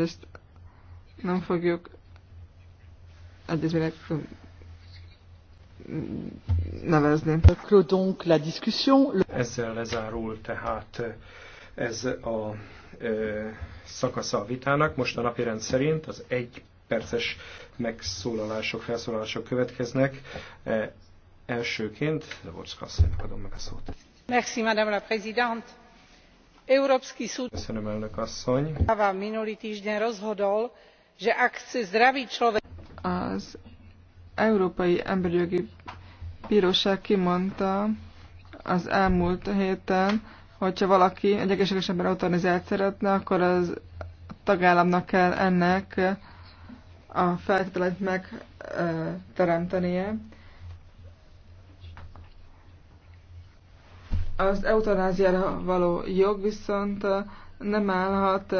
ezt nem fogjuk egyébként nevezni. Donc la discussion. Ezzel lezárul tehát ez a e, szakasza a vitának. Most a napirend szerint az egy perces megszólalások, felszólalások következnek. E, elsőként Levorszka asszonynak adom meg a szót. Merci, Madame la Présidente európsky súd práva minulý týždeň rozhodol že ak chce zdravý človek. az európai jogi bíróság kimondta az elmúlt héten hogyha valaki egy egészséges ember eutanizát szeretne akkor az tagállamnak kell ennek a feltételeit megteremtenie. Az eutanáziára való jog viszont nem állhat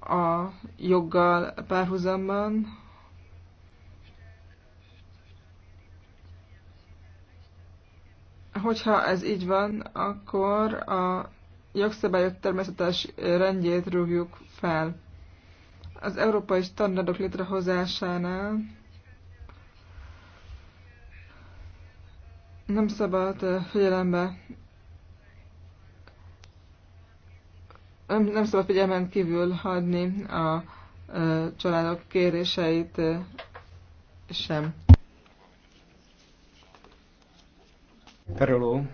a joggal párhuzamban, hogyha ez így van, akkor a jogszabályok természetes rendjét rúgjuk fel. Az európai standardok létrehozásánál nem szabad figyelembe nem, nem szabad figyelmen kívül hagyni a családok kéréseit sem. Peroló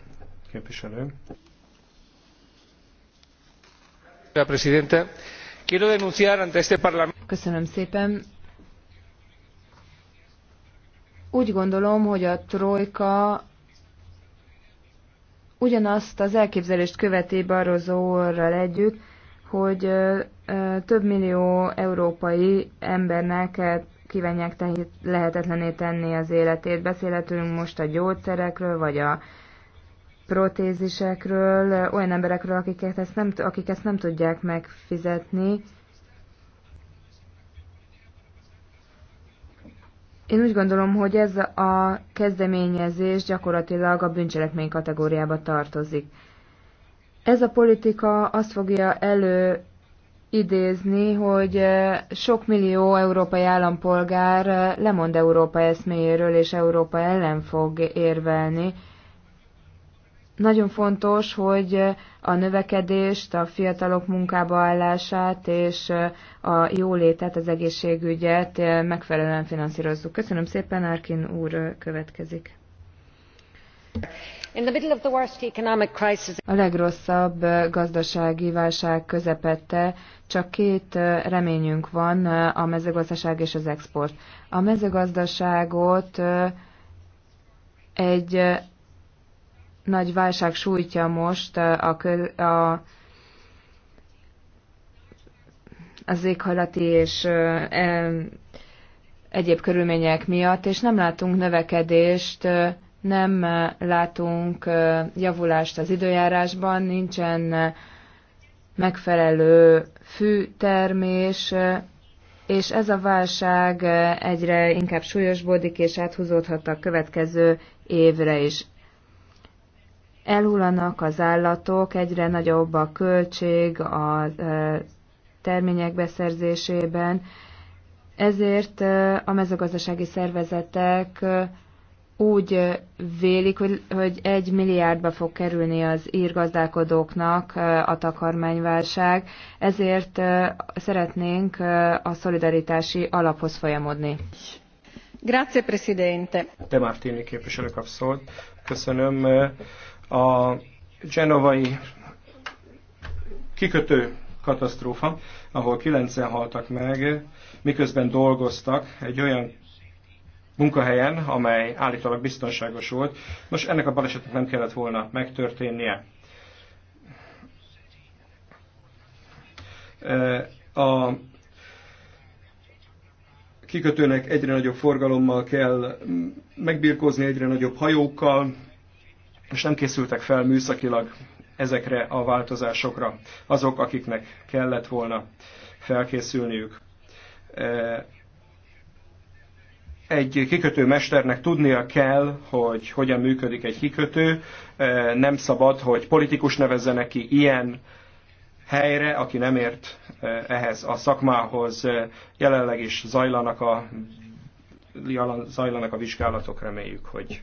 képviselő. Quiero denunciar ante este Köszönöm szépen. Úgy gondolom, hogy a trojka ugyanazt az elképzelést követi Barrozóral együtt, hogy több millió európai embernek kívánják tehét, lehetetlené tenni az életét. Beszélhetünk most a gyógyszerekről, vagy a protézisekről, olyan emberekről, akiket ezt nem, akik ezt nem tudják megfizetni, Én úgy gondolom, hogy ez a kezdeményezés gyakorlatilag a bűncselekmény kategóriába tartozik. Ez a politika azt fogja elő idézni, hogy eh, sok millió európai állampolgár eh, lemond Európa eszméjéről és Európa ellen fog érvelni, nagyon fontos, hogy a növekedést, a fiatalok munkába állását és a jólétet, az egészségügyet megfelelően finanszírozzuk. Köszönöm szépen, Arkin úr következik. A legrosszabb gazdasági válság közepette csak két reményünk van, a mezőgazdaság és az export. A mezőgazdaságot egy nagy válság sújtja most a, a, az éghajlati és e, egyéb körülmények miatt, és nem látunk növekedést, nem látunk javulást az időjárásban, nincsen megfelelő fűtermés, és ez a válság egyre inkább súlyosbódik, és áthúzódhat a következő évre is elhullanak az állatok, egyre nagyobb a költség a e, termények beszerzésében, ezért e, a mezőgazdasági szervezetek e, úgy vélik, hogy, egy milliárdba fog kerülni az írgazdálkodóknak a takarmányválság, ezért szeretnénk a szolidaritási alaphoz folyamodni. Grazie, Presidente. De Martini képviselő kap szót. Köszönöm. A genovai kikötő katasztrófa, ahol 9 haltak meg, miközben dolgoztak egy olyan munkahelyen, amely állítólag biztonságos volt. Nos, ennek a balesetnek nem kellett volna megtörténnie. A kikötőnek egyre nagyobb forgalommal kell megbirkózni, egyre nagyobb hajókkal, és nem készültek fel műszakilag ezekre a változásokra azok, akiknek kellett volna felkészülniük. E, egy kikötő mesternek tudnia kell, hogy hogyan működik egy kikötő, e, nem szabad, hogy politikus nevezze neki ilyen helyre, aki nem ért e, ehhez a szakmához. Jelenleg is zajlanak a zajlanak a vizsgálatok, reméljük, hogy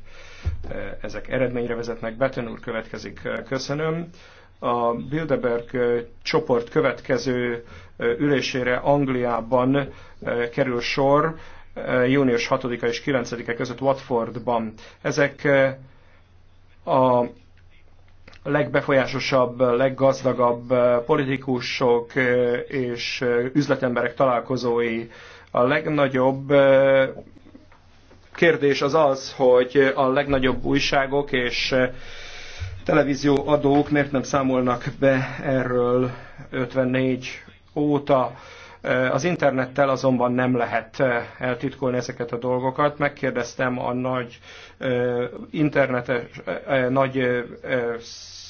e, ezek eredményre vezetnek. Beten úr következik, e, köszönöm. A Bilderberg e, csoport következő ülésére Angliában kerül sor június 6-a és 9-e között Watfordban. Ezek a legbefolyásosabb, leggazdagabb politikusok és üzletemberek találkozói, a legnagyobb kérdés az az, hogy a legnagyobb újságok és eh, televízió adók miért nem számolnak be erről 54 óta. Eh, az internettel azonban nem lehet eh, eltitkolni ezeket a dolgokat. Megkérdeztem a nagy internetes, nagy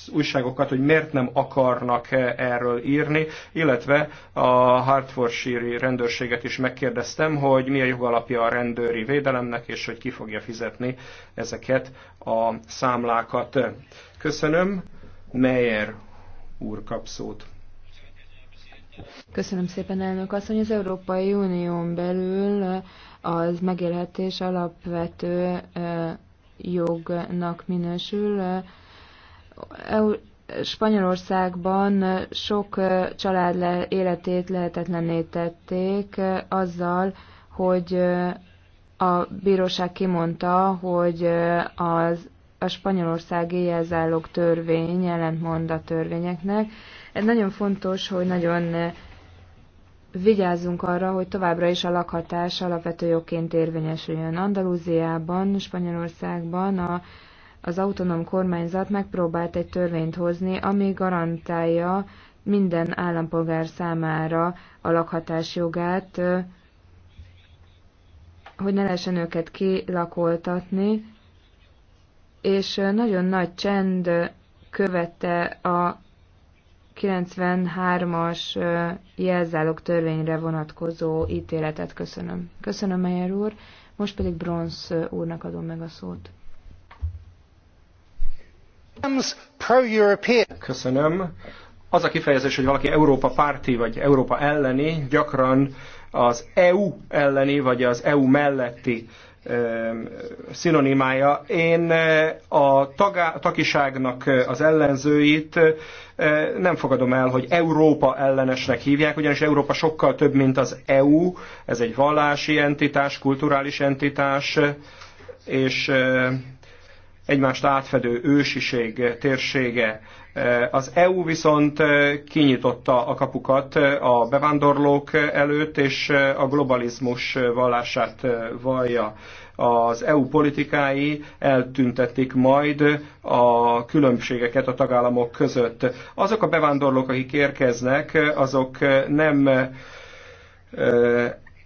újságokat, hogy miért nem akarnak eh, erről írni, illetve a Hartfordshire rendőrséget is megkérdeztem, hogy mi a jogalapja a rendőri védelemnek, és hogy ki fogja fizetni ezeket a számlákat. Köszönöm. Meyer úr kap szót. Köszönöm szépen, elnök asszony. Az Európai Unión belül eh, az megélhetés alapvető eh, jognak minősül. Spanyolországban sok család életét lehetetlenné tették azzal, hogy a bíróság kimondta, hogy az a spanyolországi jelzálog törvény ellentmond a törvényeknek. Ez nagyon fontos, hogy nagyon vigyázzunk arra, hogy továbbra is a lakhatás alapvető jogként érvényesüljön. Andalúziában, Spanyolországban a az autonóm kormányzat megpróbált egy törvényt hozni, ami garantálja minden állampolgár számára a lakhatás jogát, hogy ne lehessen őket kilakoltatni, és nagyon nagy csend követte a 93-as jelzálog törvényre vonatkozó ítéletet. Köszönöm. Köszönöm, Meyer úr. Most pedig Bronz úrnak adom meg a szót. Köszönöm. Az a kifejezés, hogy valaki Európa párti vagy Európa elleni, gyakran az EU elleni vagy az EU melletti szinonimája. Én a tagá, takiságnak az ellenzőit nem fogadom el, hogy Európa ellenesnek hívják, ugyanis Európa sokkal több, mint az EU. Ez egy vallási entitás, kulturális entitás, és egymást átfedő ősiség térsége. Az EU viszont eh, kinyitotta a kapukat eh, a bevándorlók előtt, és eh, a globalizmus vallását vallja. Az EU politikái eltüntetik majd a különbségeket a tagállamok között. Azok a bevándorlók, akik érkeznek, azok nem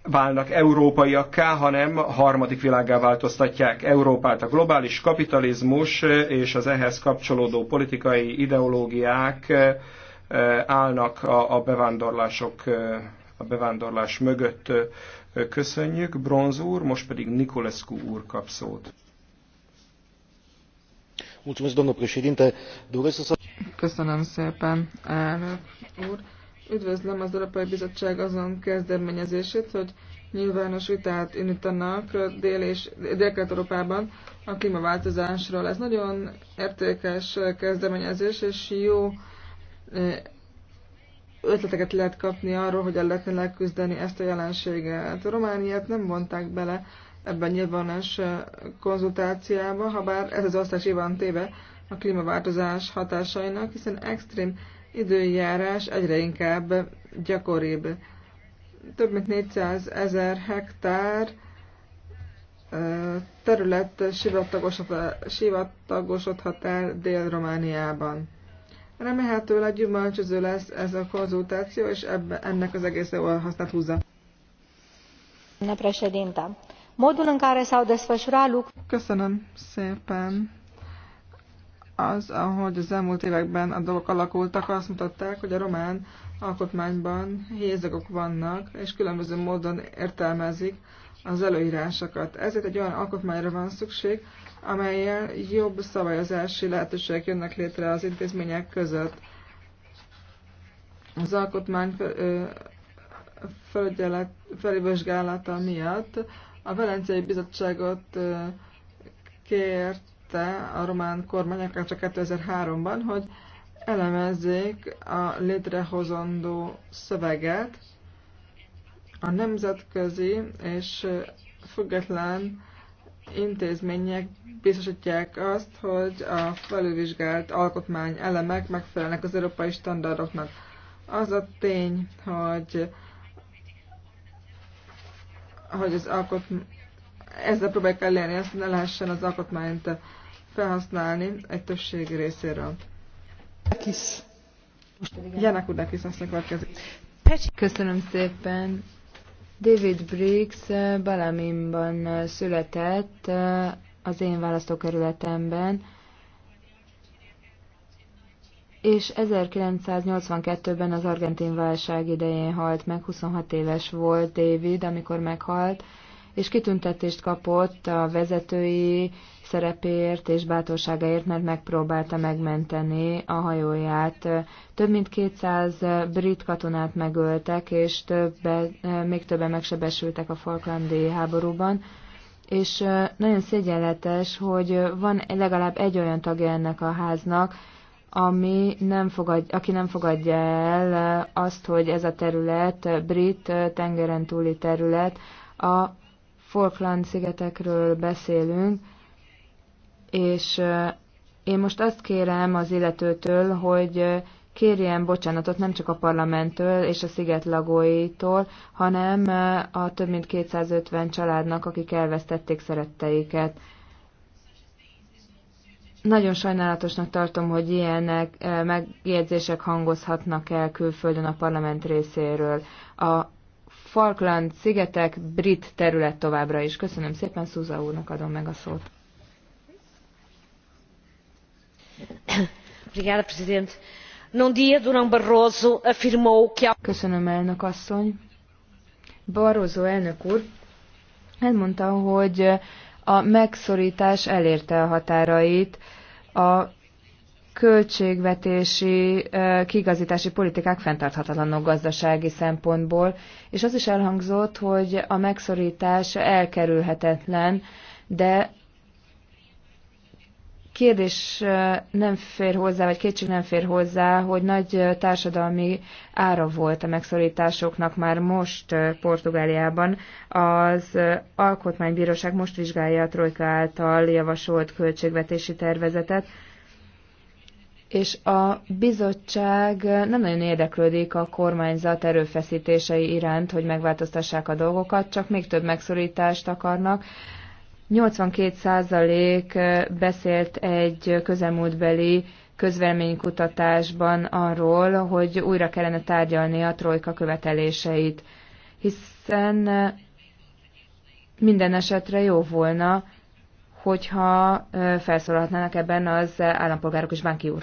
válnak európaiakká, hanem harmadik világá változtatják Európát. A globális kapitalizmus és az ehhez kapcsolódó politikai ideológiák eh, állnak a, a bevándorlások, eh, a bevándorlás mögött. Köszönjük, Bronz úr, most pedig Nikolescu úr kap szót. Köszönöm szépen, elnök úr. Üdvözlöm az Európai Bizottság azon kezdeményezését, hogy nyilvános vitát indítanak Dél- és Dél-Kelet-Európában a klímaváltozásról. Ez nagyon értékes kezdeményezés, és jó eh, ötleteket lehet kapni arról, hogyan lehetne leküzdeni ezt a jelenséget. A Romániát nem vonták bele ebben nyilvános eh, konzultáciába, ha bár ez az osztás van téve a klímaváltozás hatásainak, hiszen extrém időjárás egyre inkább gyakoribb. Több mint 400 ezer hektár terület sivatagosodhat el Dél-Romániában. Remélhetőleg gyümölcsöző lesz ez a konzultáció, és ebbe, ennek az egész jól használt húzza. Köszönöm szépen. Az, ahogy az elmúlt években a dolgok alakultak, azt mutatták, hogy a román alkotmányban hézagok vannak, és különböző módon értelmezik az előírásokat. Ezért egy olyan alkotmányra van szükség, amelyel jobb szabályozási lehetőségek jönnek létre az intézmények között. Az alkotmány felvizsgálata miatt a Velencei Bizottságot kért kérte a román kormányokat csak 2003-ban, hogy elemezzék a létrehozandó szöveget, a nemzetközi és független intézmények biztosítják azt, hogy a felülvizsgált alkotmány elemek megfelelnek az európai standardoknak. Az a tény, hogy, hogy az alkotmány, ezzel próbálják elérni azt, ne lehessen az alkotmányt felhasználni egy többség részéről. Kis. Janak Udakis aztán következik. Köszönöm szépen. David Briggs eh, Balaminban eh, született, eh, az én választókerületemben, és 1982-ben az argentin válság idején halt meg, 26 éves volt David, amikor meghalt, és kitüntetést kapott a vezetői szerepéért és bátorságáért, mert megpróbálta megmenteni a hajóját. Több mint 200 brit katonát megöltek, és többe, még többen megsebesültek a Falklandi háborúban, és nagyon szégyenletes, hogy van legalább egy olyan tagja ennek a háznak, ami nem fogad, aki nem fogadja el azt, hogy ez a terület, brit tengeren túli terület, a Falkland-szigetekről beszélünk, és én most azt kérem az illetőtől, hogy kérjen bocsánatot nem csak a parlamenttől és a sziget lagóitól, hanem a több mint 250 családnak, akik elvesztették szeretteiket. Nagyon sajnálatosnak tartom, hogy ilyenek megjegyzések hangozhatnak el külföldön a parlament részéről. A Falkland szigetek brit terület továbbra is. Köszönöm szépen, Szuza úrnak adom meg a szót. Obrigada, Presidente. Num dia, Durão Barroso afirmou que... Köszönöm, elnök asszony. Barroso elnök úr elmondta, hogy a megszorítás elérte a határait, a költségvetési kigazítási politikák fenntarthatatlanok gazdasági szempontból, és az is elhangzott, hogy a megszorítás elkerülhetetlen, de kérdés nem fér hozzá, vagy kétség nem fér hozzá, hogy nagy társadalmi ára volt a megszorításoknak már most Portugáliában. Az Alkotmánybíróság most vizsgálja a Trojka által javasolt költségvetési tervezetet, és a bizottság nem nagyon érdeklődik a kormányzat erőfeszítései iránt, hogy megváltoztassák a dolgokat, csak még több megszorítást akarnak. 82% beszélt egy közelmúltbeli közvelménykutatásban arról, hogy újra kellene tárgyalni a trojka követeléseit, hiszen minden esetre jó volna, hogyha felszólalhatnának ebben az állampolgárok és Bánki úr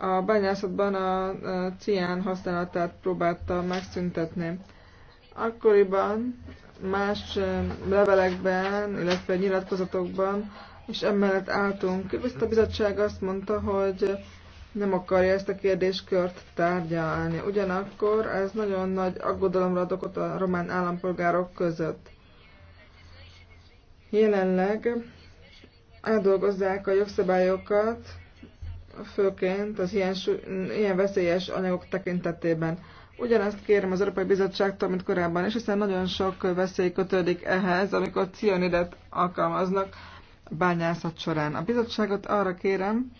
a bányászatban a cián használatát próbálta megszüntetni. Akkoriban más levelekben, illetve nyilatkozatokban és emellett álltunk. Viszont a bizottság azt mondta, hogy nem akarja ezt a kérdéskört tárgyalni. Ugyanakkor ez nagyon nagy aggodalomra ad okot a román állampolgárok között. Jelenleg eldolgozzák a jogszabályokat, főként az ilyen, ilyen veszélyes anyagok tekintetében. Ugyanezt kérem az Európai Bizottságtól, mint korábban is, hiszen nagyon sok veszély kötődik ehhez, amikor cianidet alkalmaznak bányászat során. A bizottságot arra kérem,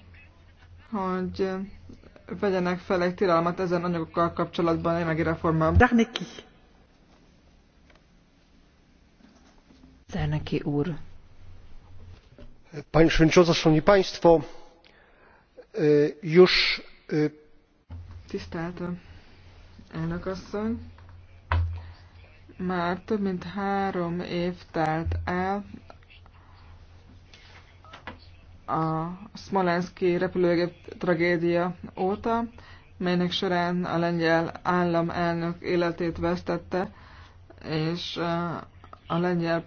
hogy vegyenek fel egy tilalmat ezen anyagokkal kapcsolatban a jelenlegi reformban. Darneki. Darneki úr. Panie Przewodniczący, Szanowni Państwo, Jus. Tisztelt elnök asszony! Már több mint három év telt el a Smolenski repülőgép tragédia óta, melynek során a lengyel államelnök életét vesztette, és a lengyel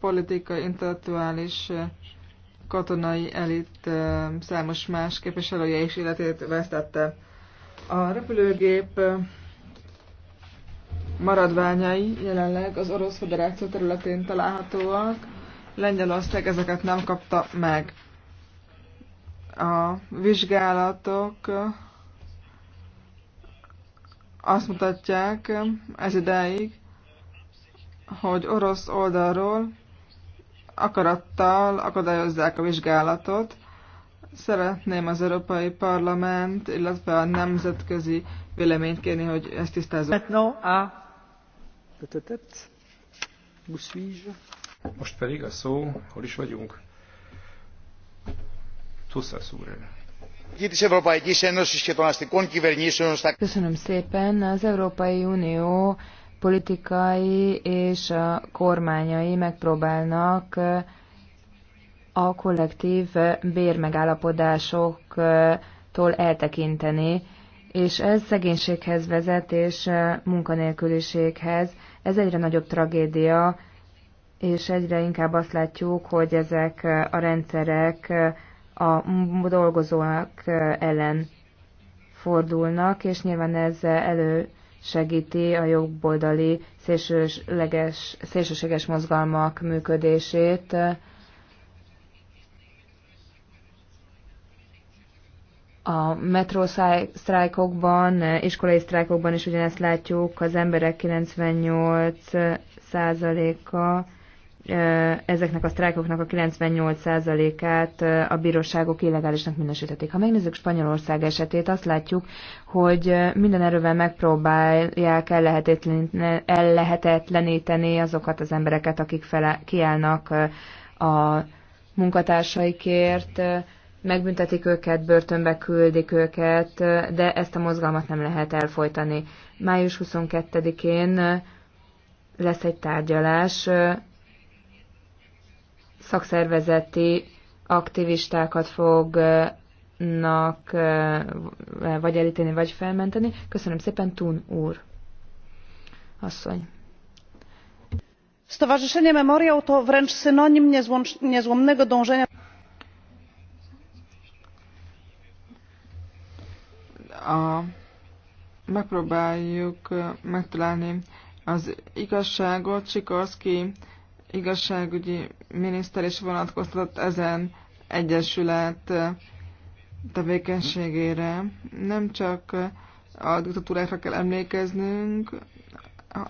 politikai, intellektuális katonai elit számos más képviselője is életét vesztette. A repülőgép maradványai jelenleg az Orosz Federáció területén találhatóak. Lengyelország ezeket nem kapta meg. A vizsgálatok azt mutatják ez ideig, hogy orosz oldalról akarattal akadályozzák a vizsgálatot. Szeretném az Európai Parlament, illetve a nemzetközi véleményt kérni, hogy ezt tisztázzuk. Most pedig a szó, hol is vagyunk? Tussas úr. Köszönöm szépen. Az Európai Unió politikai és a kormányai megpróbálnak a kollektív bérmegállapodásoktól eltekinteni, és ez szegénységhez vezet és munkanélküliséghez. Ez egyre nagyobb tragédia, és egyre inkább azt látjuk, hogy ezek a rendszerek a dolgozóak ellen fordulnak, és nyilván ez elő segíti a jobboldali szélsőleges, szélsőséges mozgalmak működését. A metró sztrájkokban, iskolai sztrájkokban is ugyanezt látjuk, az emberek 98 százaléka ezeknek a sztrájkoknak a 98%-át a bíróságok illegálisnak minősítették. Ha megnézzük Spanyolország esetét, azt látjuk, hogy minden erővel megpróbálják ellehetetleníteni azokat az embereket, akik fele, kiállnak a munkatársaikért, megbüntetik őket, börtönbe küldik őket, de ezt a mozgalmat nem lehet elfolytani. Május 22-én lesz egy tárgyalás, szakszervezeti aktivistákat fognak eh, vagy elítélni, vagy felmenteni. Köszönöm szépen, Tun úr. Asszony. Stowarzyszenie Memoriał to wręcz synonim niezłomnego dążenia. A, megpróbáljuk eh, megtalálni az igazságot. Sikorski igazságügyi miniszter is vonatkoztatott ezen egyesület eh, tevékenységére. Nem csak eh, a diktatúrákra kell emlékeznünk,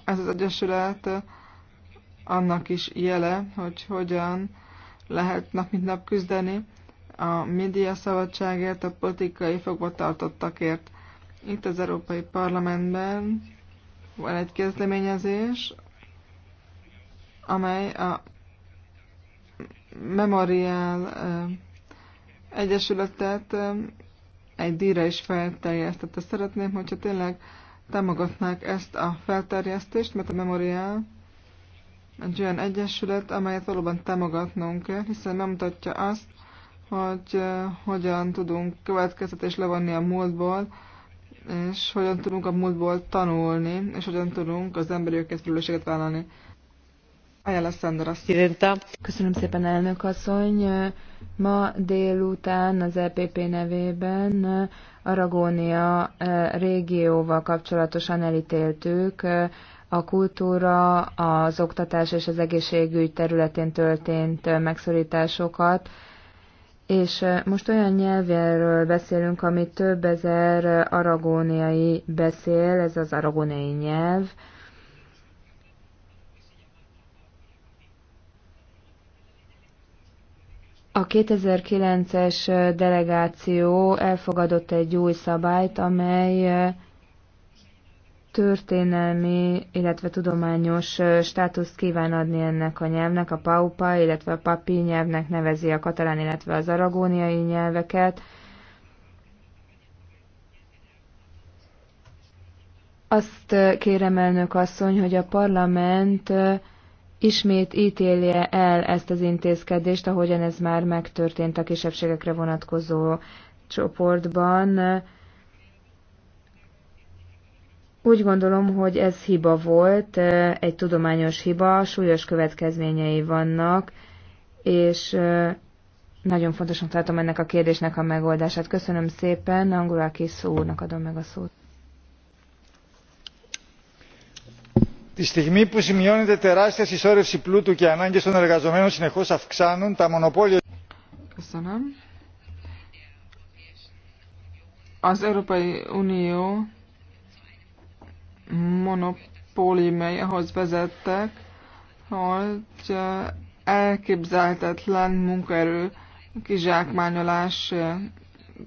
ez az egyesület eh, annak is jele, hogy hogyan lehet nap mint nap küzdeni a média szabadságért, a politikai fogvatartottakért. Itt az Európai Parlamentben van egy kezdeményezés, amely a Memorial Egyesületet egy díjra is felterjesztette. Szeretném, hogyha tényleg támogatnák ezt a felterjesztést, mert a Memorial egy olyan egyesület, amelyet valóban támogatnunk kell, hiszen mutatja azt, hogy hogyan tudunk következtetés levonni a múltból, és hogyan tudunk a múltból tanulni, és hogyan tudunk az emberi őket felelősséget vállalni. Köszönöm szépen, elnök asszony. Ma délután az EPP nevében Aragónia eh, régióval kapcsolatosan elítéltük eh, a kultúra, az oktatás és az egészségügy területén történt eh, megszorításokat, és most olyan nyelvéről beszélünk, amit több ezer aragóniai beszél, ez az aragóniai nyelv, A 2009-es delegáció elfogadott egy új szabályt, amely történelmi, illetve tudományos státuszt kíván adni ennek a nyelvnek, a paupa, illetve a papi nyelvnek nevezi a katalán, illetve az aragóniai nyelveket. Azt kérem elnök asszony, hogy a parlament ismét ítélje el ezt az intézkedést, ahogyan ez már megtörtént a kisebbségekre vonatkozó csoportban. Úgy gondolom, hogy ez hiba volt, egy tudományos hiba, súlyos következményei vannak, és nagyon fontosnak tartom ennek a kérdésnek a megoldását. Köszönöm szépen, Angulákis úrnak adom meg a szót. τη στιγμή που σημειώνεται τεράστια συσσόρευση πλούτου και οι ανάγκε των εργαζομένων συνεχώ αυξάνουν, τα μονοπόλια. Köszönöm. Az Európai Unió monopóliumai ahhoz vezettek, hogy eh, elképzelhetetlen munkaerő kizsákmányolás eh,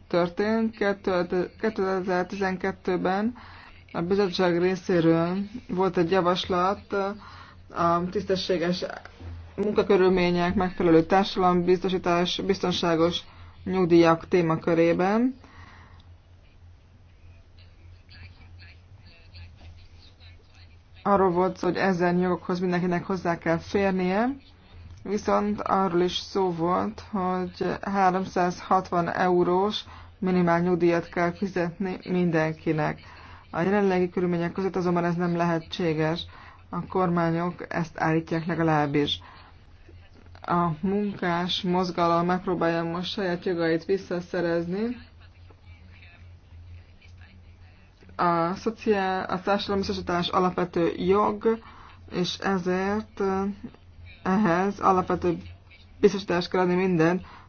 történt 2012-ben a bizottság részéről volt egy javaslat a tisztességes munkakörülmények, megfelelő társadalombiztosítás, biztonságos nyugdíjak témakörében. Arról volt szó, hogy ezen jogokhoz mindenkinek hozzá kell férnie, viszont arról is szó volt, hogy 360 eurós minimál nyugdíjat kell fizetni mindenkinek a jelenlegi körülmények között azonban ez nem lehetséges. A kormányok ezt állítják legalábbis. A munkás mozgalom megpróbálja most saját jogait visszaszerezni. A, szociál, a biztosítás alapvető jog, és ezért eh, ehhez alapvető biztosítást kell adni minden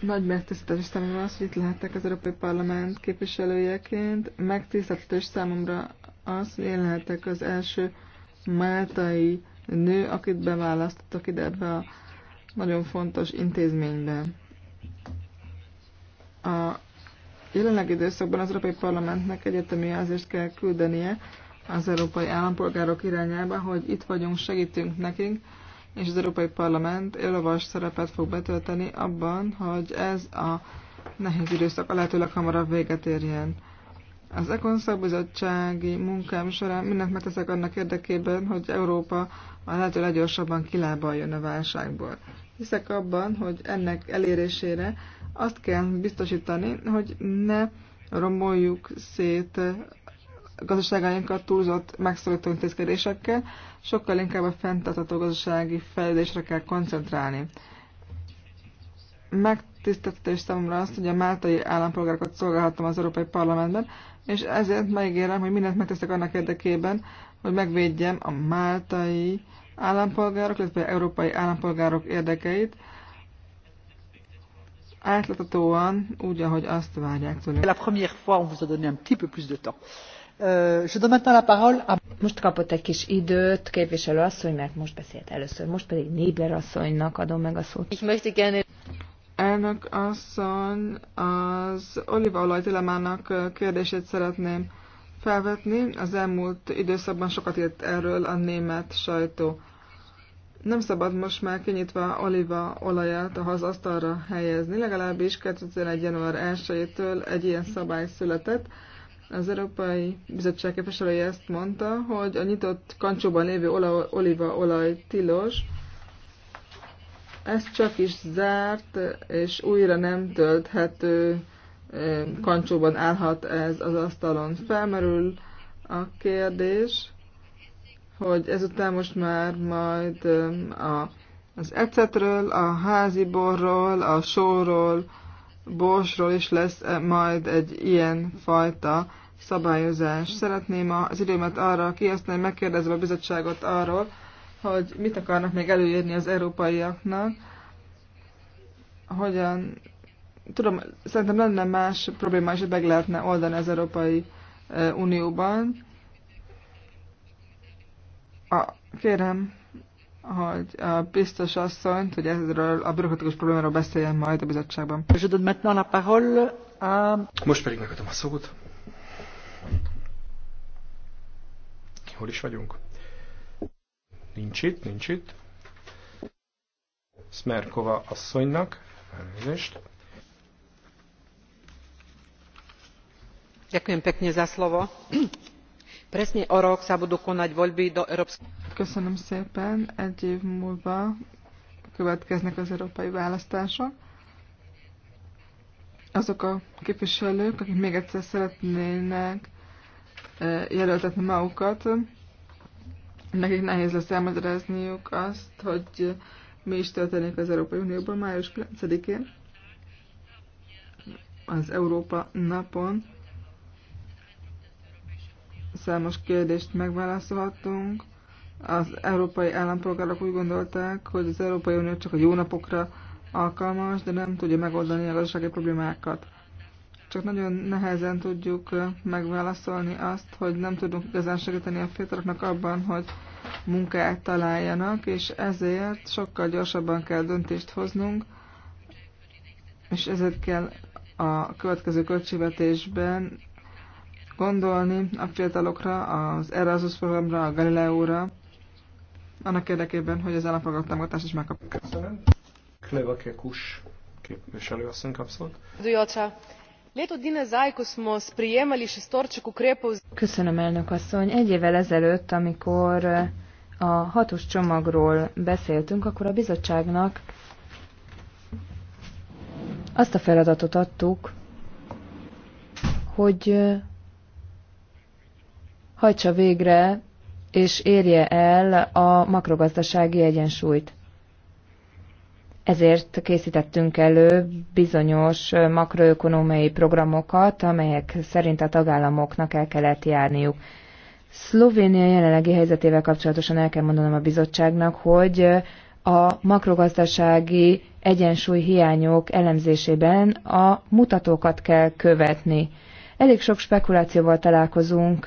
Nagy megtiszteltetés számomra az, hogy itt lehettek az Európai Parlament képviselőjeként. Megtiszteltetés számomra az, hogy én lehetek az első máltai nő, akit beválasztottak ide ebbe a nagyon fontos intézménybe. A jelenleg időszakban az Európai Parlamentnek egyetemi jelzést kell küldenie az európai állampolgárok irányába, hogy itt vagyunk, segítünk nekünk, és az Európai Parlament élovas szerepet fog betölteni abban, hogy ez a nehéz időszak a lehetőleg hamarabb véget érjen. Az Ekon szakbizottsági munkám során mindent megteszek annak érdekében, hogy Európa a lehető leggyorsabban kilábaljon a válságból. Hiszek abban, hogy ennek elérésére azt kell biztosítani, hogy ne romoljuk szét gazdaságainkat túlzott megszorító intézkedésekkel, sokkal inkább a fenntartható gazdasági fejlődésre kell koncentrálni. Megtiszteltetés számomra azt, hogy a máltai állampolgárokat szolgálhattam az Európai Parlamentben, és ezért megígérem, hogy mindent megteszek annak érdekében, hogy megvédjem a máltai állampolgárok, illetve európai állampolgárok érdekeit, átláthatóan, úgy, ahogy azt várják tőlünk. La première fois, on vous a donné un petit peu plus de temps. Euh, most kapott egy kis időt képviselő asszony, mert most beszélt először. Most pedig Nébler asszonynak adom meg a szót. Ich möchte gerne... Elnök asszony, az olívaolaj dilemának kérdését szeretném felvetni. Az elmúlt időszakban sokat írt erről a német sajtó. Nem szabad most már kinyitva olaját a hazasztalra helyezni, legalábbis 2001. január 1-től egy ilyen szabály született, az Európai Bizottság képviselője ezt mondta, hogy a nyitott kancsóban lévő olívaolaj tilos, ez csak is zárt és újra nem tölthető kancsóban állhat ez az asztalon. Felmerül a kérdés, hogy ezután most már majd a, az ecetről, a házi borról, a sóról, Borsról is lesz eh, majd egy ilyen fajta szabályozás. Szeretném az időmet arra kihasználni, hogy megkérdezem a bizottságot arról, hogy mit akarnak még előírni az európaiaknak, hogyan, tudom, szerintem lenne más probléma is, hogy meg lehetne oldani az Európai eh, Unióban. A, kérem, hogy a biztos asszonyt, hogy ezről a bürokratikus problémáról beszéljen majd a bizottságban. Most pedig megadom a szót. Hol is vagyunk? Nincs itt, nincs itt. Smerkova asszonynak. Elnézést. Köszönöm szépen a slovo presne o rok sa budú konať voľby do európskeho Köszönöm szépen. Egy év múlva következnek az európai Azok a képviselők, akik még egyszer eh, jelöltetni nekik nehéz lesz elmagyarázniuk azt, hogy mi is történik az Európai Unióban május 9-én, az Európa napon számos kérdést megválaszolhatunk. Az európai állampolgárok úgy gondolták, hogy az Európai Unió csak a jó napokra alkalmas, de nem tudja megoldani a gazdasági problémákat. Csak nagyon nehezen tudjuk megválaszolni azt, hogy nem tudunk igazán segíteni a fiataloknak abban, hogy munkát találjanak, és ezért sokkal gyorsabban kell döntést hoznunk, és ezért kell a következő költségvetésben gondolni a fiatalokra, az Erasmus programra, a Galileóra, annak érdekében, hogy az állampolgárok támogatást is megkapjuk. Köszönöm. Kleva Kekus képviselő asszony kapszolt. Leto dni nazaj, ko smo sprijemali Köszönöm, elnök asszony. Egy évvel ezelőtt, amikor eh, a hatos csomagról beszéltünk, akkor a bizottságnak azt a feladatot adtuk, hogy eh, hajtsa végre és érje el a makrogazdasági egyensúlyt. Ezért készítettünk elő bizonyos makroökonomiai programokat, amelyek szerint a tagállamoknak el kellett járniuk. Szlovénia jelenlegi helyzetével kapcsolatosan el kell mondanom a bizottságnak, hogy a makrogazdasági egyensúly hiányok elemzésében a mutatókat kell követni. Elég sok spekulációval találkozunk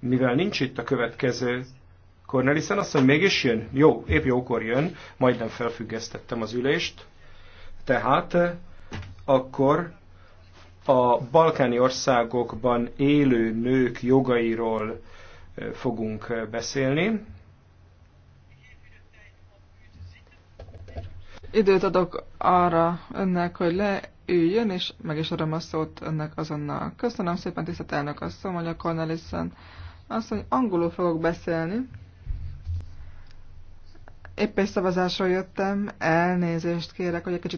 mivel nincs itt a következő Cornelissen, azt mondja, mégis jön. Jó, épp jókor jön, majdnem felfüggesztettem az ülést. Tehát eh, akkor a balkáni országokban élő nők jogairól eh, fogunk eh, beszélni. Időt adok arra önnek, hogy leüljön, és meg is adom a szót önnek azonnal. Köszönöm szépen, tisztelt elnök asszony, hogy a Cornelissen azt, hogy angolul fogok beszélni. Épp egy szavazásra jöttem, elnézést kérek, hogy egy kicsit